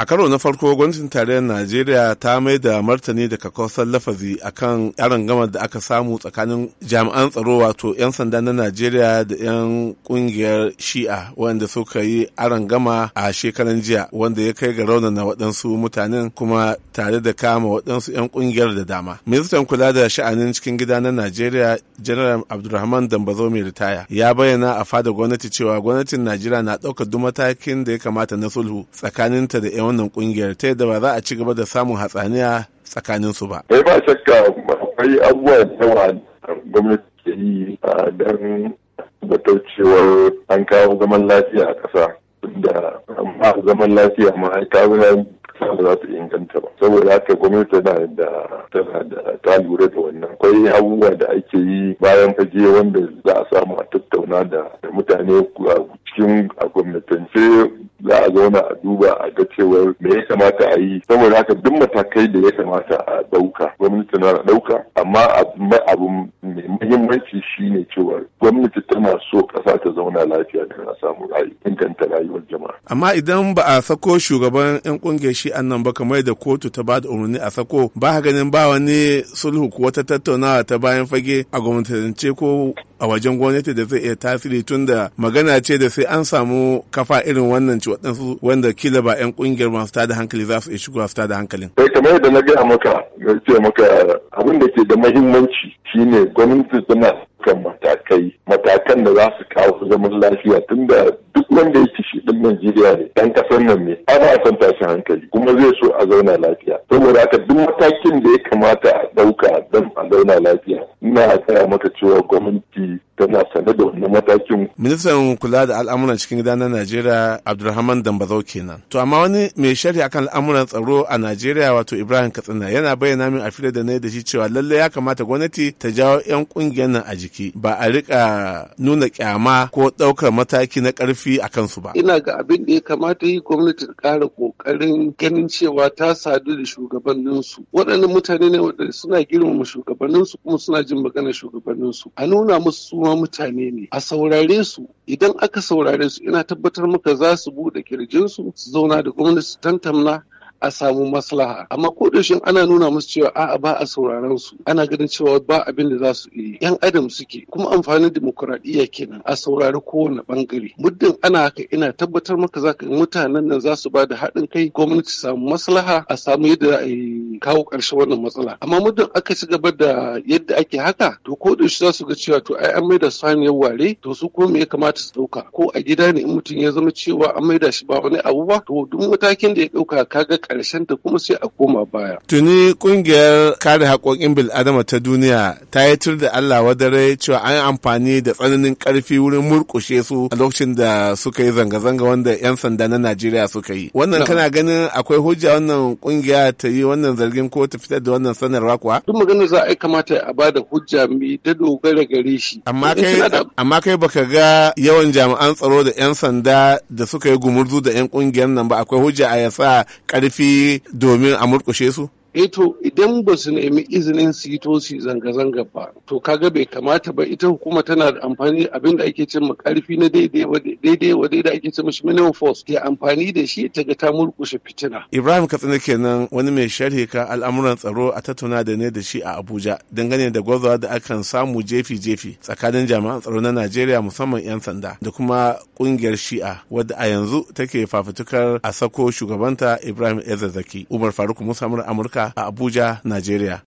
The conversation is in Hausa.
a karo na farko gwamnatin tarayyar najeriya ta mai da martani da kakausan lafazi akan yaran gama da aka samu tsakanin jami'an tsaro wato 'yan sanda na najeriya da 'yan kungiyar shi'a wanda suka yi aran gama a shekaran jiya wanda ya kai ga raunana waɗansu mutanen kuma tare da kama waɗansu 'yan kungiyar da dama ministan kula da sha'anin cikin gida na najeriya general abdulrahman dambazo mai ritaya ya bayyana a fada gwamnati cewa gwamnatin najeriya na ɗaukar duk matakin da ya kamata na sulhu tsakaninta da 'yan wannan kungiyar ta yadda ba za a ci gaba da samun hatsaniya tsakanin su ba. Bai eh, ba shakka akwai abubuwa da yawa gwamnati ke yi don tabbatar cewar an kawo zaman lafiya a ƙasa. Da amma zaman lafiya ma kawo ba za su inganta ba saboda haka gwamnati tana da tana da ta lura da wannan akwai abubuwa da ake yi bayan fage wanda za a samu a tattauna da mutane cikin a gwamnatance za a zauna a duba a ga cewar me ya kamata a yi saboda haka duk matakai da ya kamata a ɗauka gwamnati na ɗauka amma abu. mai muhimmanci shine cewa gwamnati tana so kasa ta zauna lafiya da a samu rayu inganta rayuwar jama'a. Amma idan ba a sako shugaban 'yan ƙungiyar shi nan ba kamar da kotu ta ba da umarni a sako ba ganin ba wani sulhu ko wata tattaunawa ta bayan fage a gwamnatance ko a wajen gwamnati da zai iya tasiri tun da magana ce da sai an samu kafa irin wannan ci waɗansu wanda kila ba 'yan ƙungiyar masu tada hankali za su iya shigo su tada hankalin. Kai eh, kamar yadda na gaya maka, na ce maka abin da ke da mahimmanci shine gwamnati suna kan matakai matakan da za su kawo zaman lafiya tunda duk wanda yake shi din Najeriya ne dan kasar nan ne ana son tashin hankali kuma zai so a zauna lafiya saboda haka duk matakin da ya kamata a dauka don a zauna lafiya ina tsaya maka cewa gwamnati tana sanar da wannan matakin. Ministan kula da al'amuran cikin gida na Najeriya Abdulrahman Dambazo kenan. To amma wani mai shari'a akan al'amuran tsaro a Najeriya wato Ibrahim Katsina yana bayyana min a fili da na da shi cewa lallai ya kamata gwamnati ta jawo 'yan kungiyar nan a jiki ba a rika nuna kyama ko ɗaukar mataki na ƙarfi a kansu ba. Ina ga abin da ya kamata yi gwamnati ta ƙara ƙoƙarin ganin cewa ta sadu da shugabanninsu. Waɗannan mutane ne waɗanda suna girmama shugabanninsu kuma suna jin maganar shugabanninsu. A nuna musu ma mutane ne a saurare su idan aka saurare su ina tabbatar maka za su buɗe kirjinsu su zauna da gwamnati su tantamna a samu maslaha amma ko da ana nuna musu cewa a'a ba a sauraron su ana ganin cewa ba abin da za su yi yan adam suke kuma amfanin dimokuraɗiyya kenan a saurari kowane bangare muddin ana haka ina tabbatar maka za zaka mutanen nan za su ba da haɗin kai gwamnati samu maslaha a samu yadda za a kawo ƙarshen wannan matsala amma muddin aka ci gaba da yadda ake haka to ko da za su ga cewa to ai an maida saniyar ware to su ko me ya kamata su ɗauka ko a gida ne in mutum ya zama cewa an maida shi ba wani abu ba to duk matakin da ya ɗauka kaga ƙarshen ta kuma sai a koma baya. Tuni ƙungiyar kare haƙoƙin bil'adama ta duniya ta yi tur da Allah wadare cewa an yi amfani da tsananin ƙarfi wurin murƙushe su a lokacin da suka yi zanga-zanga wanda 'yan sanda na Najeriya suka yi. Wannan kana ganin akwai hujja wannan ƙungiya ta yi wannan zargin ko ta fitar da wannan sanarwa kuwa? Duk maganar za a yi kamata a ba da hujja mai ta dogara gare shi. Amma kai amma kai baka ga yawan jami'an tsaro da 'yan sanda da suka yi gumurzu da 'yan ƙungiyar nan ba akwai hujja a yasa ƙarfi ƙarfi domin a murƙushe su? Eto, eh idan ba su nemi izinin su yi tosi zanga-zanga ba to kaga bai kamata ba ita hukuma tana da amfani abin da ake cin karfi na daidai wa daidai ake cin mashi minimum force ke amfani da shi ta ga ta murkushe fitina Ibrahim Katsina kenan wani mai sharhi ka al'amuran tsaro a tattauna da ne da shi a Abuja dangane da gwazawa da akan samu jefi-jefi tsakanin jami'an tsaro na Najeriya musamman 'yan sanda da kuma kungiyar Shi'a wadda a yanzu take fafutukar a sako shugabanta Ibrahim Ezazaki Umar Faruk Musamman Amurka Amurka a Abuja, Najeriya.